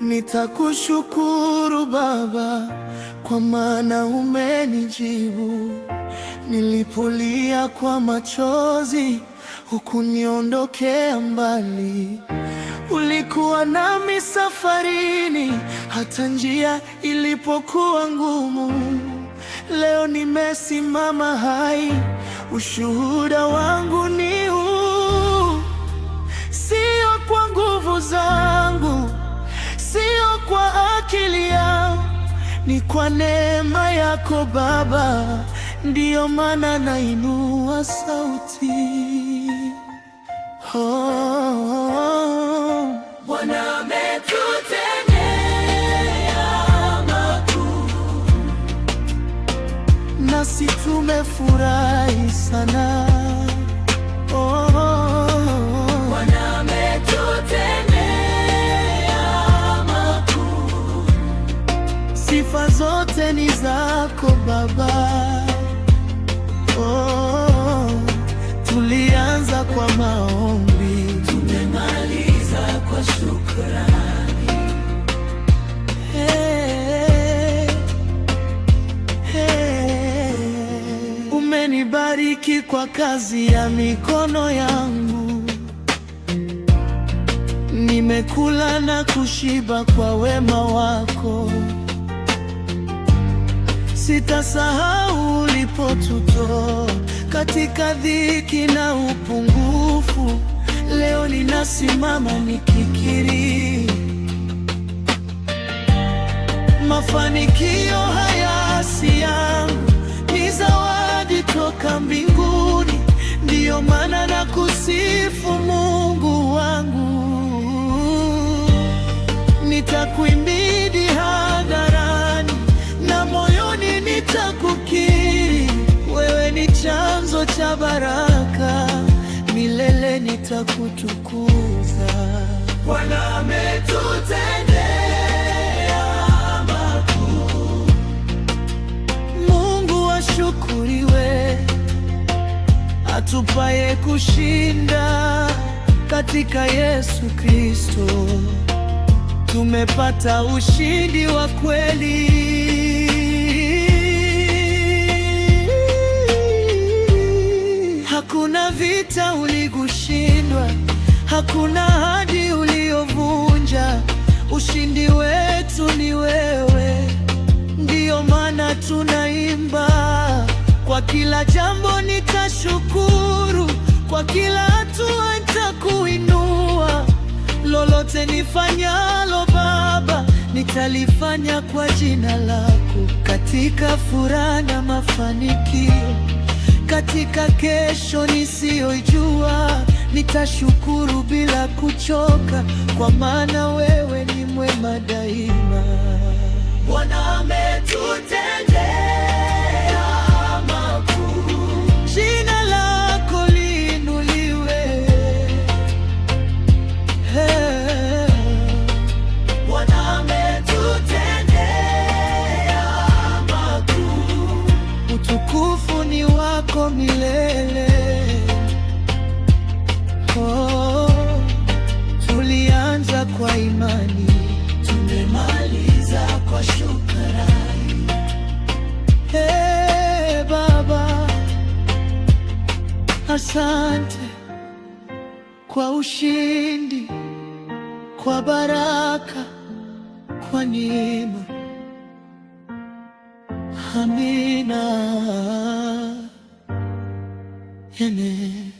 Nitakushukuru Baba, kwa maana umenijibu. Nilipolia kwa machozi, hukuniondokea mbali. Ulikuwa nami safarini, hata njia ilipokuwa ngumu. Leo nimesimama hai, ushuhuda wangu ni Ni kwa neema yako Baba, ndiyo maana nainua sauti. Oh, oh, oh. ametutendea makuu, nasi tumefurahi sana. Oh. ni zako Baba. Oh, tulianza kwa maombi, tumemaliza kwa shukrani. Hey, hey, umenibariki kwa kazi ya mikono yangu, nimekula na kushiba kwa wema wako. Sitasahau tuto katika dhiki na upungufu. Leo ninasimama nikikiri mafanikio nitakutukuza. Bwana ametutendea makuu. Mungu ashukuriwe, atupaye kushinda katika Yesu Kristo, tumepata ushindi wa kweli. mpendwa, hakuna ahadi uliyovunja. Ushindi wetu ni wewe, ndiyo maana tunaimba. Kwa kila jambo nitashukuru, kwa kila hatua nitakuinua. Lolote nifanyalo Baba, nitalifanya kwa jina lako, katika furaha na mafanikio, katika kesho nisiyojua nitashukuru bila kuchoka, kwa maana wewe ni mwema daima. Bwana ametutendea makuu, jina lako liinuliwe. Hey. Bwana ametutendea makuu, utukufu ni wako milele. Asante kwa ushindi, kwa baraka, kwa neema. Amina. Amen.